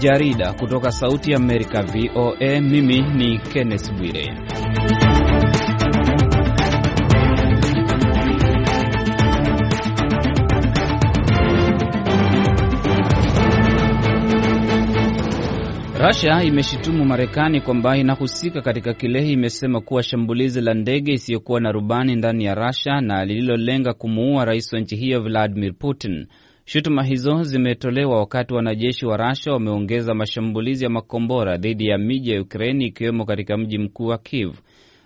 jarida kutoka Sauti ya Amerika VOA. Mimi ni Kenneth Bwire. Russia imeshitumu Marekani kwamba inahusika katika kile imesema kuwa shambulizi la ndege isiyokuwa na rubani ndani ya Russia na lililolenga kumuua rais wa nchi hiyo Vladimir Putin. Shutuma hizo zimetolewa wakati wanajeshi wa Rasha wameongeza mashambulizi ya makombora dhidi ya miji ya Ukraini ikiwemo katika mji mkuu wa Kiev.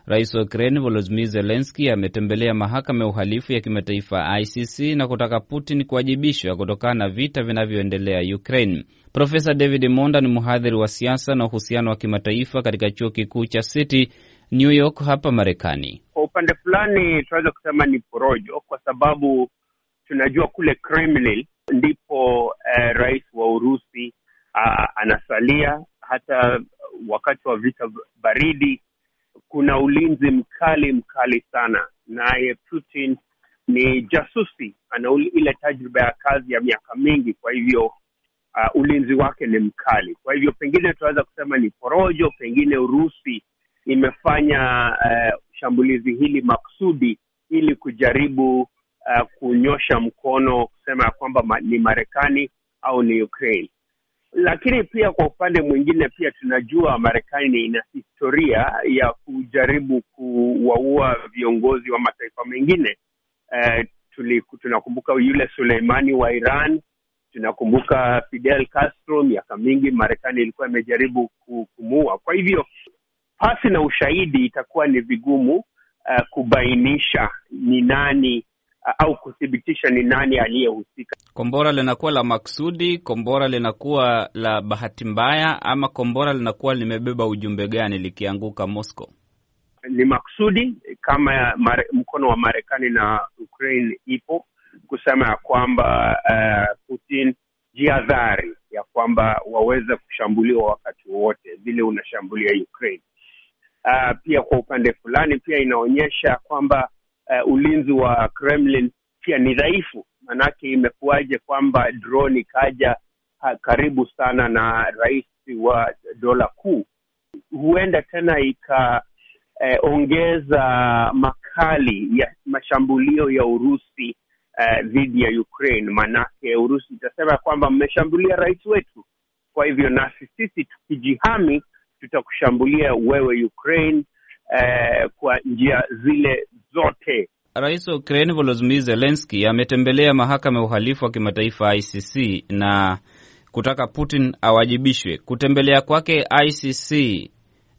Rais wa Ukraini Volodimir Zelenski ametembelea mahakama ya uhalifu ya kimataifa ICC na kutaka Putin kuwajibishwa kutokana na vita vinavyoendelea Ukraini. Profesa David Monda ni mhadhiri wa siasa na uhusiano wa kimataifa katika chuo kikuu cha City New York hapa Marekani. Kwa upande fulani tunaweza kusema ni porojo, kwa sababu tunajua kule Kremlin ndipo eh, rais wa Urusi ah, anasalia hata wakati wa vita baridi. Kuna ulinzi mkali mkali sana, naye Putin ni jasusi, ana ile tajriba ya kazi ya miaka mingi, kwa hivyo Uh, ulinzi wake ni mkali. Kwa hivyo pengine tunaweza kusema ni porojo, pengine Urusi imefanya uh, shambulizi hili maksudi ili kujaribu uh, kunyosha mkono kusema ya kwamba ma, ni Marekani au ni Ukraine. Lakini pia kwa upande mwingine, pia tunajua Marekani ina historia ya kujaribu kuwaua viongozi wa mataifa mengine. Uh, tunakumbuka yule Suleimani wa Iran, tunakumbuka Fidel Castro. Miaka mingi Marekani ilikuwa imejaribu kumuua. Kwa hivyo pasi na ushahidi itakuwa ni vigumu uh, kubainisha ni nani au kuthibitisha ni nani aliyehusika. Kombora linakuwa la maksudi, kombora linakuwa la bahati mbaya, ama kombora linakuwa limebeba ujumbe gani likianguka Moscow? Ni maksudi kama mare, mkono wa Marekani na Ukraine ipo kusema ya kwamba uh, Putin jiadhari ya kwamba waweza kushambuliwa wakati wowote vile unashambulia Ukraine. Uh, pia kwa upande fulani pia inaonyesha kwamba uh, ulinzi wa Kremlin pia ni dhaifu. Maanake imekuwaje kwamba drone ikaja uh, karibu sana na rais wa dola kuu, huenda tena ikaongeza eh, uh, makali ya mashambulio ya Urusi eh, dhidi uh, ya Ukraine. Maanake Urusi itasema kwamba mmeshambulia rais wetu, kwa hivyo nasi sisi tukijihami tutakushambulia wewe Ukraine eh, kwa njia zile zote. Rais wa Ukraine Volodymyr Zelensky ametembelea mahakama ya uhalifu wa kimataifa ICC na kutaka Putin awajibishwe. Kutembelea kwake ICC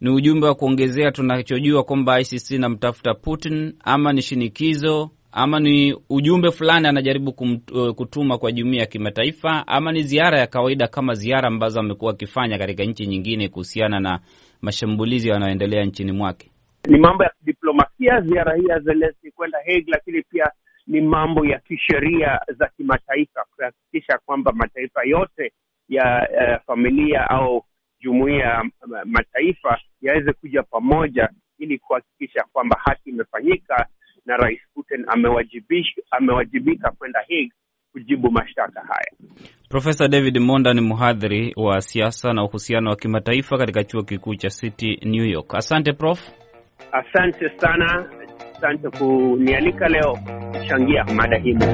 ni ujumbe wa kuongezea tunachojua kwamba ICC namtafuta Putin, ama ni shinikizo, ama ni ujumbe fulani anajaribu eh, kutuma kwa jumuiya ya kimataifa, ama ni ziara ya kawaida kama ziara ambazo amekuwa akifanya katika nchi nyingine kuhusiana na mashambulizi yanayoendelea nchini mwake. Ni mambo ya kidiplomasia, ziara hii ya Zelenski kwenda Hague, lakini pia ni mambo ya kisheria za kimataifa, kuhakikisha kwamba mataifa yote ya uh, familia au jumuia ya mataifa yaweze kuja pamoja ili kuhakikisha kwamba haki imefanyika na Rais Putin amewajibika kwenda Hague kujibu mashtaka haya. Profesa David Monda ni mhadhiri wa siasa na uhusiano wa kimataifa katika chuo kikuu cha City New York. Asante Prof. Asante sana, asante kunialika leo kuchangia mada himu.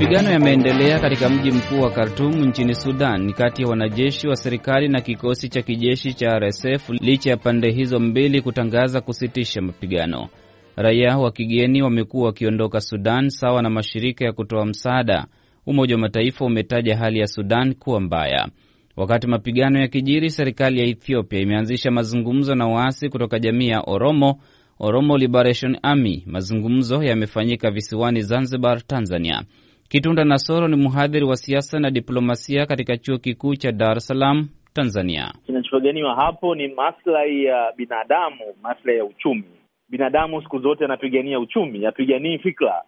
Mapigano yameendelea katika mji mkuu wa khartum nchini Sudan kati ya wanajeshi wa serikali na kikosi cha kijeshi cha RSF licha ya pande hizo mbili kutangaza kusitisha mapigano. Raia wa kigeni wamekuwa wakiondoka Sudan sawa na mashirika ya kutoa msaada. Umoja wa Mataifa umetaja hali ya Sudan kuwa mbaya. Wakati mapigano ya kijiri serikali ya Ethiopia imeanzisha mazungumzo na waasi kutoka jamii ya Oromo, Oromo Liberation Army. Mazungumzo yamefanyika visiwani Zanzibar, Tanzania. Kitunda Nasoro ni mhadhiri wa siasa na diplomasia katika chuo kikuu cha Dar es Salaam, Tanzania. Kinachopiganiwa hapo ni maslahi ya binadamu, maslahi ya uchumi. Binadamu siku zote anapigania uchumi, apiganii fikra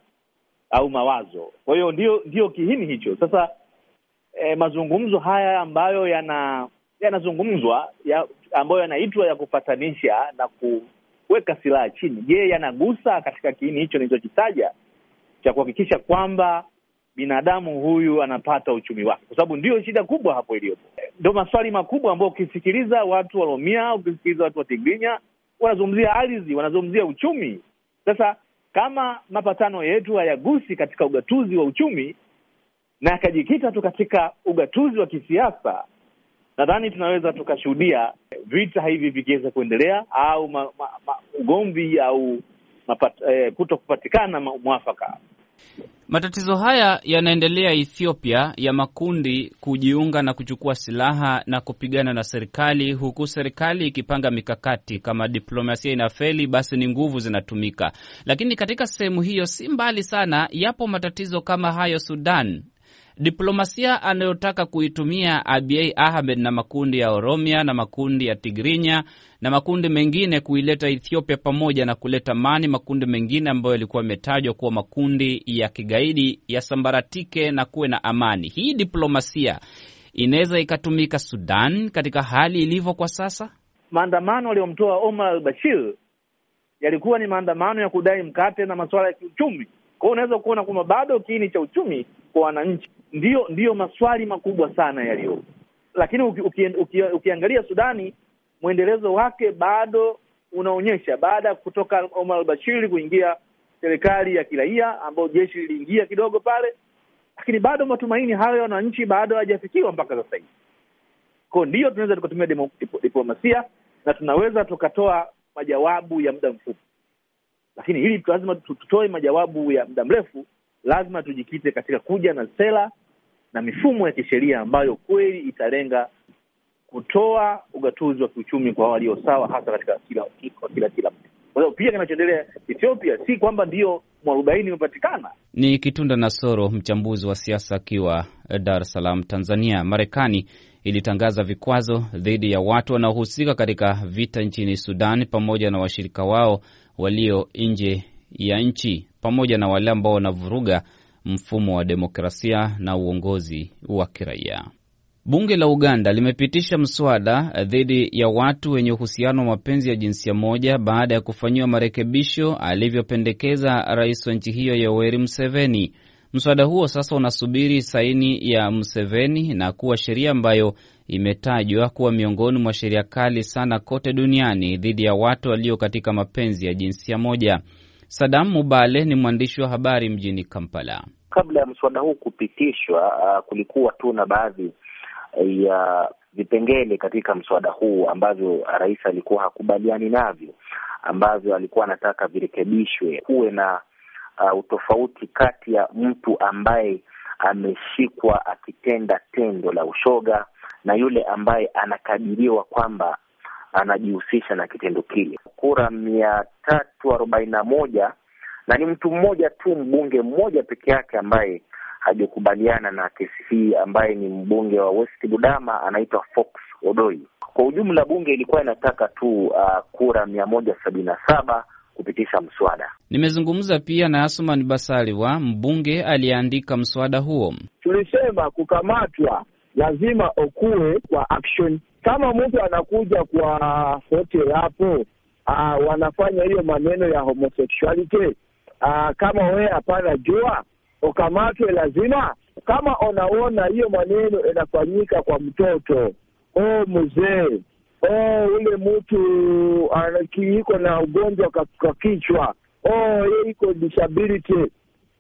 au mawazo. Kwa hiyo ndio ndio kihini hicho. Sasa e, mazungumzo haya ambayo yana yanazungumzwa ya, ambayo yanaitwa ya kupatanisha na kuweka silaha chini, je, yanagusa katika kiini hicho nilichokitaja cha kuhakikisha kwamba binadamu huyu anapata uchumi wake, kwa sababu ndiyo shida kubwa hapo iliyopo. Ndo maswali makubwa ambayo ukisikiliza watu wa ukisikiliza watu wa Tigrinya wanazungumzia ardhi, wanazungumzia uchumi. Sasa kama mapatano yetu hayagusi katika ugatuzi wa uchumi na yakajikita tu katika ugatuzi wa kisiasa, nadhani tunaweza tukashuhudia vita hivi vikiweza kuendelea au ma, ma, ma, ugomvi au mapat, eh, kuto kupatikana mwafaka. Matatizo haya yanaendelea Ethiopia ya makundi kujiunga na kuchukua silaha na kupigana na serikali, huku serikali ikipanga mikakati. Kama diplomasia inafeli, basi ni nguvu zinatumika. Lakini katika sehemu hiyo si mbali sana, yapo matatizo kama hayo Sudan, Diplomasia anayotaka kuitumia Abiy Ahmed na makundi ya Oromia na makundi ya Tigrinya na makundi mengine kuileta Ethiopia pamoja na kuleta mani makundi mengine ambayo yalikuwa yametajwa kuwa makundi ya kigaidi yasambaratike na kuwe na amani. Hii diplomasia inaweza ikatumika Sudan katika hali ilivyo kwa sasa. Maandamano aliyomtoa Omar al-Bashir yalikuwa ni maandamano ya kudai mkate na masuala ya kiuchumi. Kwa hiyo unaweza kuona kwamba bado kiini cha uchumi kwa wananchi ndiyo, ndiyo maswali makubwa sana yaliyopo, lakini uki, uki, uki, ukiangalia Sudani mwendelezo wake bado unaonyesha baada ya kutoka Omar al-Bashir kuingia serikali ya kiraia ambayo jeshi liliingia kidogo pale, lakini bado matumaini hayo ya wananchi bado hayajafikiwa mpaka sasa hivi. Kwa ndiyo tunaweza tukatumia diplomasia na tunaweza tukatoa majawabu ya muda mfupi, lakini hili lazima tutoe majawabu ya muda mrefu, lazima tujikite katika kuja na sera na mifumo ya kisheria ambayo kweli italenga kutoa ugatuzi wa kiuchumi kwa walio sawa, hasa katika kila kwa kila kila mtu. Kwa hiyo pia kinachoendelea Ethiopia si kwamba ndiyo mwarobaini imepatikana. Ni Kitunda Nasoro, mchambuzi wa siasa akiwa eh, Dar es Salaam, Tanzania. Marekani ilitangaza vikwazo dhidi ya watu wanaohusika katika vita nchini Sudan pamoja na washirika wao walio nje ya nchi pamoja na wale ambao wanavuruga mfumo wa demokrasia na uongozi wa kiraia. Bunge la Uganda limepitisha mswada dhidi ya watu wenye uhusiano wa mapenzi ya jinsia moja baada ya kufanyiwa marekebisho alivyopendekeza rais wa nchi hiyo Yoweri Museveni. Mswada huo sasa unasubiri saini ya Museveni na kuwa sheria ambayo imetajwa kuwa miongoni mwa sheria kali sana kote duniani dhidi ya watu walio katika mapenzi ya jinsia moja. Sadam Mubale ni mwandishi wa habari mjini Kampala. Kabla ya mswada huu kupitishwa, uh, kulikuwa tu na baadhi uh, ya vipengele katika mswada huu ambavyo rais alikuwa hakubaliani navyo, ambavyo alikuwa anataka virekebishwe, kuwe na uh, utofauti kati ya mtu ambaye ameshikwa akitenda tendo la ushoga na yule ambaye anakadiriwa kwamba anajihusisha na kitendo kile. Kura mia tatu arobaini na moja na ni mtu mmoja tu, mbunge mmoja peke yake ambaye hajakubaliana na kesi hii, ambaye ni mbunge wa West Budama, anaitwa Fox Odoi. Kwa ujumla bunge ilikuwa inataka tu uh, kura mia moja sabini na saba kupitisha mswada. Nimezungumza pia na Asuman Basalirwa, mbunge aliyeandika mswada huo. Tulisema kukamatwa lazima okuwe kwa action. Kama mtu anakuja kwa hotel hapo, uh, wanafanya hiyo maneno ya homosexuality uh, kama wewe hapana jua ukamatwe lazima. Kama unaona hiyo maneno inafanyika kwa mtoto o mzee o ule mtu iko na ugonjwa kwa kichwa oh, ye iko disability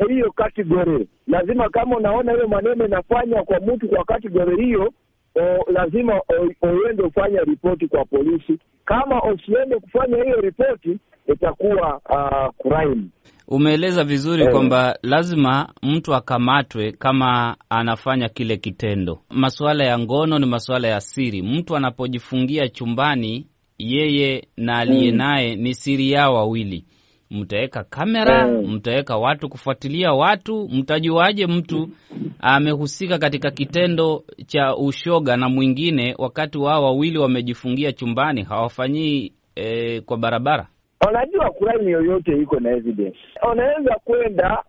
hiyo category. Lazima kama unaona hiyo maneno inafanywa kwa mtu kwa category hiyo o, lazima uende ufanye ripoti kwa polisi. Kama usiende kufanya hiyo ripoti itakuwa uh, crime. Umeeleza vizuri eh, kwamba lazima mtu akamatwe kama anafanya kile kitendo. Masuala ya ngono ni masuala ya siri. Mtu anapojifungia chumbani, yeye na aliye hmm. naye ni siri yao wawili mtaweka kamera, mm. mtaweka watu kufuatilia watu, mtajuaje mtu amehusika katika kitendo cha ushoga na mwingine, wakati wao wawili wamejifungia chumbani, hawafanyii e, kwa barabara? Unajua crime yoyote iko na evidence. Unaweza kwenda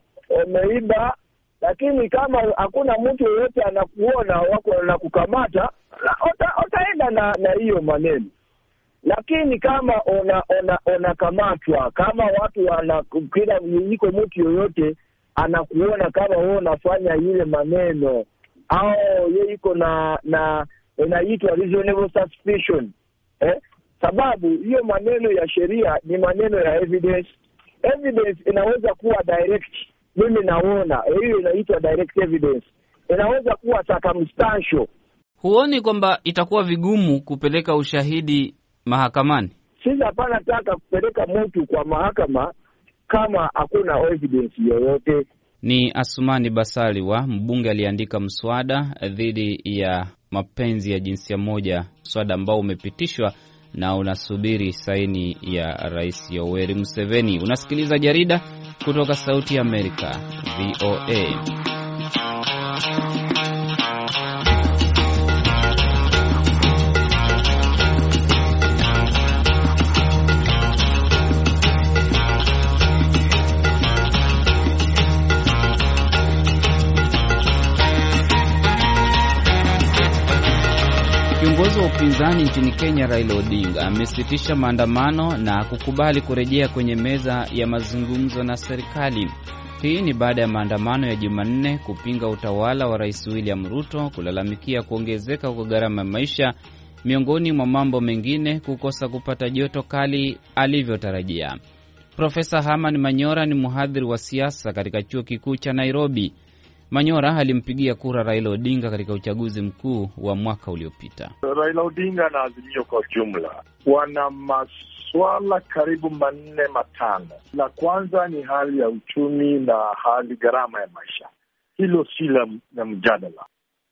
umeiba, lakini kama hakuna mtu yoyote anakuona wako na kukamata, utaenda na hiyo maneno lakini kama unakamatwa una, una kama watu wana kila iko mtu yoyote anakuona kama wewe unafanya ile maneno au ye iko na na inaitwa reasonable suspicion eh? Sababu hiyo maneno ya sheria ni maneno ya evidence. Evidence inaweza kuwa direct, mimi naona eh, hiyo inaitwa direct evidence, inaweza kuwa circumstantial. Huoni kwamba itakuwa vigumu kupeleka ushahidi mahakamani? Sisi hapana taka kupeleka mtu kwa mahakama kama hakuna evidence yoyote. Ni Asumani Basali wa mbunge aliyeandika mswada dhidi ya mapenzi ya jinsia moja, mswada ambao umepitishwa na unasubiri saini ya Rais Yoweri Museveni. Unasikiliza jarida kutoka Sauti ya Amerika, VOA. Kiongozi wa upinzani nchini Kenya Raila Odinga amesitisha maandamano na kukubali kurejea kwenye meza ya mazungumzo na serikali. Hii ni baada ya maandamano ya Jumanne kupinga utawala wa Rais William Ruto, kulalamikia kuongezeka kwa gharama ya maisha, miongoni mwa mambo mengine, kukosa kupata joto kali alivyotarajia. Profesa Herman Manyora ni mhadhiri wa siasa katika Chuo Kikuu cha Nairobi. Manyora alimpigia kura Raila Odinga katika uchaguzi mkuu wa mwaka uliopita. Raila Odinga na Azimio kwa ujumla wana maswala karibu manne matano. La kwanza ni hali ya uchumi na hali gharama ya maisha, hilo si la mjadala,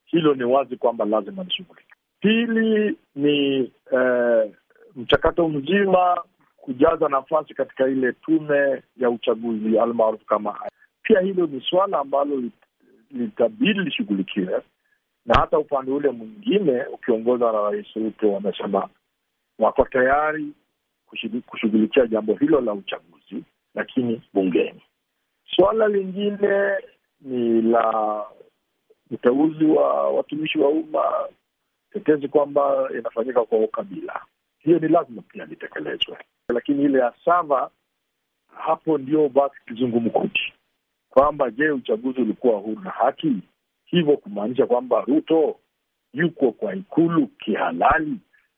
hilo ni wazi kwamba lazima lishughulika. Pili ni eh, mchakato mzima kujaza nafasi katika ile tume ya uchaguzi almaarufu kama haya. Pia hilo ni swala ambalo litabidi lishughulikiwe, na hata upande ule mwingine ukiongozwa na Rais Ruto wamesema wako tayari kushughulikia jambo hilo la uchaguzi, lakini bungeni. Suala lingine ni la uteuzi wa watumishi wa umma, tetezi kwamba inafanyika kwa ukabila. Hiyo ni lazima pia litekelezwe, lakini ile ya sava hapo ndio basi kizungumkuti kwamba je, uchaguzi ulikuwa huru na haki? Hivyo kumaanisha kwamba Ruto yuko kwa ikulu kihalali?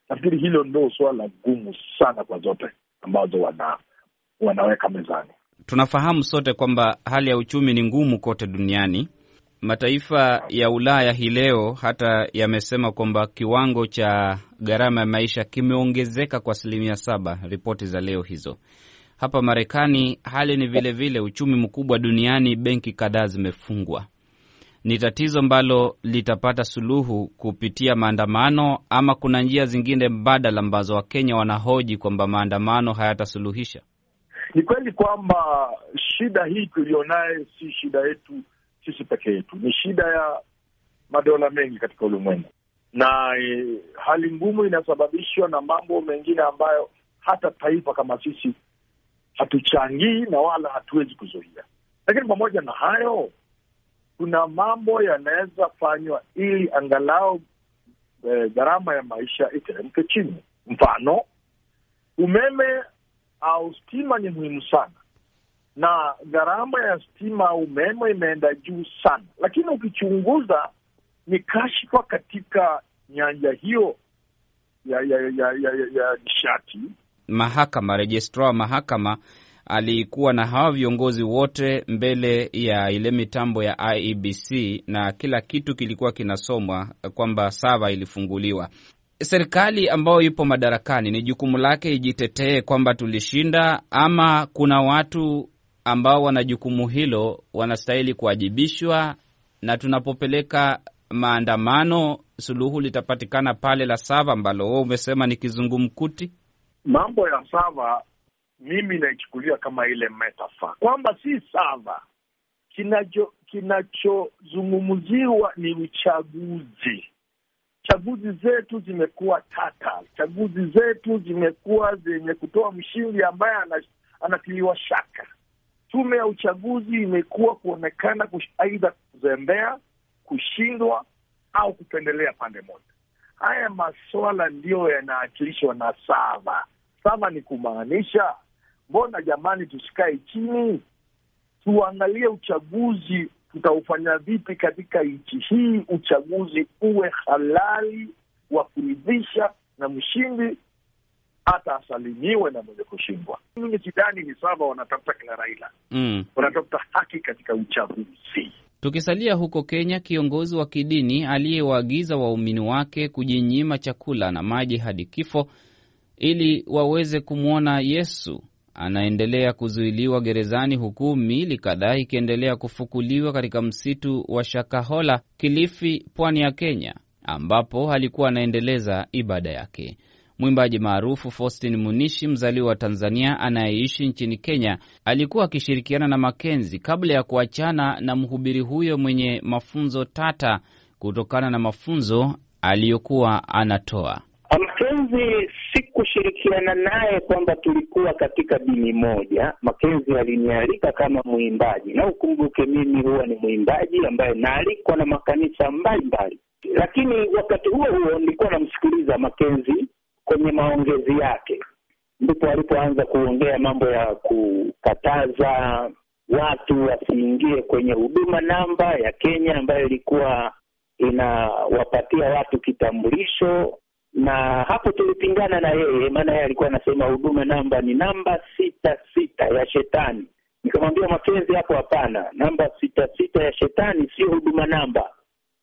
Nafikiri hilo ndo suala gumu sana kwa zote ambazo wana, wanaweka mezani. Tunafahamu sote kwamba hali ya uchumi ni ngumu kote duniani. Mataifa ya Ulaya hii leo hata yamesema kwamba kiwango cha gharama ya maisha kimeongezeka kwa asilimia saba, ripoti za leo hizo. Hapa Marekani hali ni vilevile vile, uchumi mkubwa duniani, benki kadhaa zimefungwa. Ni tatizo ambalo litapata suluhu kupitia maandamano ama kuna njia zingine mbadala ambazo Wakenya wanahoji kwamba maandamano hayatasuluhisha? Ni kweli kwamba shida hii tuliyonayo si shida yetu sisi peke yetu, ni shida ya madola mengi katika ulimwengu, na e, hali ngumu inasababishwa na mambo mengine ambayo hata taifa kama sisi hatuchangii na wala hatuwezi kuzuia. Lakini pamoja na hayo, kuna mambo yanaweza fanywa ili angalau eh, gharama ya maisha iteremke chini. Mfano, umeme au stima ni muhimu sana, na gharama ya stima au umeme imeenda juu sana, lakini ukichunguza ni kashfa katika nyanja hiyo ya ya ya ya, ya, ya nishati mahakama, rejistra wa mahakama alikuwa na hawa viongozi wote mbele ya ile mitambo ya IEBC na kila kitu kilikuwa kinasomwa kwamba sava ilifunguliwa. Serikali ambayo ipo madarakani ni jukumu lake ijitetee kwamba tulishinda, ama kuna watu ambao wana jukumu hilo wanastahili kuwajibishwa, na tunapopeleka maandamano, suluhu litapatikana pale la sava ambalo wewe umesema ni kizungumkuti mambo ya sava mimi naichukulia kama ile metafa kwamba si sava kinacho kinachozungumziwa ni uchaguzi. Chaguzi zetu zimekuwa tata, chaguzi zetu zimekuwa zenye kutoa mshindi ambaye anatiliwa shaka. Tume ya uchaguzi imekuwa kuonekana aidha kuzembea, kushindwa au kupendelea pande moja. Haya maswala ndiyo yanaakilishwa na sava Sama ni kumaanisha, mbona jamani, tusikae chini tuangalie uchaguzi tutaufanya vipi katika nchi hii, uchaguzi uwe halali wa kuridhisha, na mshindi hata asalimiwe na mwenye kushindwa. Mimi sidhani ni saba wanatafuta kila Raila mm, wanatafuta haki katika uchaguzi. Tukisalia huko Kenya, kiongozi wa kidini aliyewaagiza waumini wake kujinyima chakula na maji hadi kifo ili waweze kumwona Yesu. Anaendelea kuzuiliwa gerezani huku miili kadhaa ikiendelea kufukuliwa katika msitu wa Shakahola, Kilifi, pwani ya Kenya, ambapo alikuwa anaendeleza ibada yake. Mwimbaji maarufu Faustin Munishi, mzaliwa wa Tanzania anayeishi nchini Kenya, alikuwa akishirikiana na Makenzi kabla ya kuachana na mhubiri huyo mwenye mafunzo tata kutokana na mafunzo aliyokuwa anatoa Makenzi kushirikiana naye kwamba tulikuwa katika dini moja. Makenzi alinialika kama mwimbaji, na ukumbuke mimi huwa ni mwimbaji ambaye naalikwa na makanisa mbalimbali, lakini wakati huo huo nilikuwa namsikiliza Makenzi kwenye maongezi yake, ndipo alipoanza kuongea mambo ya kukataza watu wasiingie kwenye huduma namba ya Kenya ambayo ilikuwa inawapatia watu kitambulisho na hapo tulipingana na yeye, maana yeye alikuwa anasema huduma namba ni namba sita sita ya shetani. Nikamwambia Makenzi, hapo hapana, namba sita sita ya shetani sio huduma namba,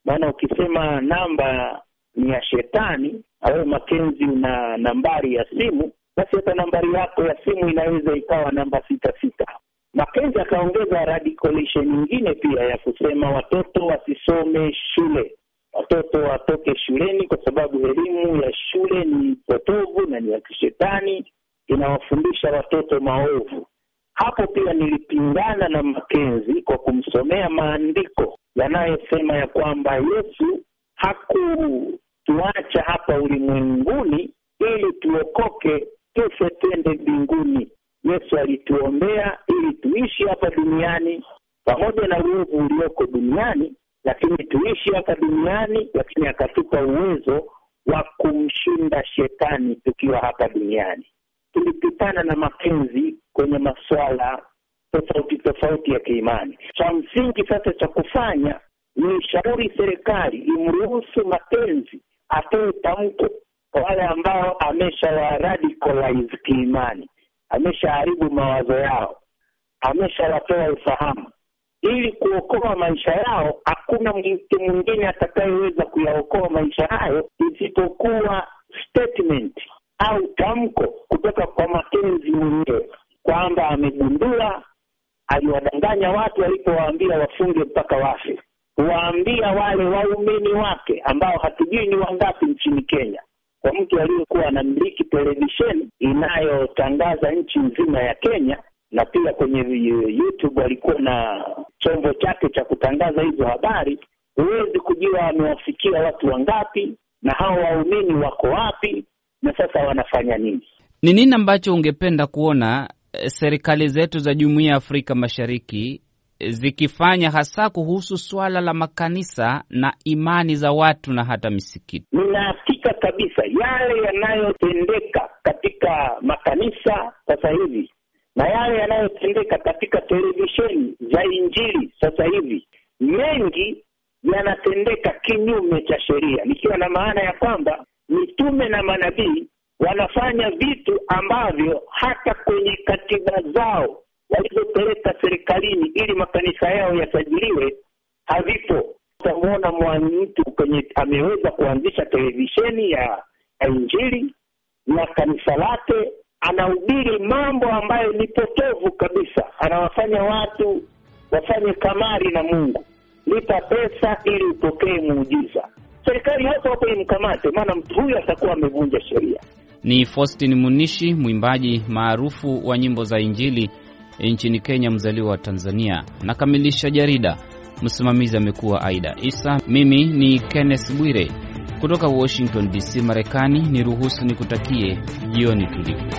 maana ukisema namba ni ya shetani au Makenzi una nambari ya simu, basi hata nambari yako ya simu inaweza ikawa namba sita sita. Makenzi akaongeza radikolation nyingine pia ya kusema watoto wasisome shule watoto watoke shuleni, kwa sababu elimu ya shule ni potovu na ni ya kishetani, inawafundisha watoto maovu. Hapo pia nilipingana na Makenzi kwa kumsomea maandiko yanayosema ya kwamba Yesu hakutuacha hapa ulimwenguni ili tuokoke tufe twende mbinguni. Yesu alituombea ili tuishi hapa duniani pamoja na uovu ulioko duniani, lakini tuishi hapa duniani, lakini akatupa uwezo wa kumshinda shetani tukiwa hapa duniani. Tulipitana na mapenzi kwenye masuala tofauti tofauti ya kiimani. Cha msingi sasa cha kufanya ni shauri serikali imruhusu mapenzi atoe tamko kwa wale ambao amesha ameshawaradicalize kiimani, ameshaharibu mawazo yao, ameshawatoa ufahamu ili kuokoa maisha yao. Hakuna mtu mwingine atakayeweza kuyaokoa maisha hayo isipokuwa statement au tamko kutoka kwa Makenzi mwenyewe kwamba amegundua aliwadanganya watu walipowaambia wafunge mpaka wafe, waambia wale waumini wake ambao hatujui ni wangapi nchini Kenya kwa mtu aliyekuwa anamiliki televisheni inayotangaza nchi nzima ya Kenya na pia kwenye YouTube alikuwa na chombo chake cha kutangaza hizo habari. Huwezi kujua amewafikia watu wangapi na hao waumini wako wapi na sasa wanafanya nini. Ni nini ambacho ungependa kuona eh, serikali zetu za Jumuiya ya Afrika Mashariki eh, zikifanya hasa kuhusu swala la makanisa na imani za watu na hata misikiti. Ninahakika kabisa yale yanayotendeka katika makanisa sasa hivi na yale yanayotendeka katika televisheni za Injili sasa hivi mengi yanatendeka kinyume cha sheria, nikiwa na maana ya kwamba mitume na manabii wanafanya vitu ambavyo hata kwenye katiba zao walizopeleka serikalini ili makanisa yao yasajiliwe havipo. Utamwona mwanamtu kwenye ameweza kuanzisha televisheni ya, ya Injili na kanisa lake anahubiri mambo ambayo ni potovu kabisa, anawafanya watu wafanye kamari na Mungu. Lipa pesa ili upokee muujiza. Serikali yote wapo imkamate, maana mtu huyu atakuwa amevunja sheria. Ni Faustin Munishi, mwimbaji maarufu wa nyimbo za Injili e, nchini Kenya, mzaliwa wa Tanzania. Nakamilisha jarida. Msimamizi amekuwa Aida Isa, mimi ni Kenneth Bwire. Kutoka Washington DC, Marekani, ni niruhusu nikutakie jioni tulivu.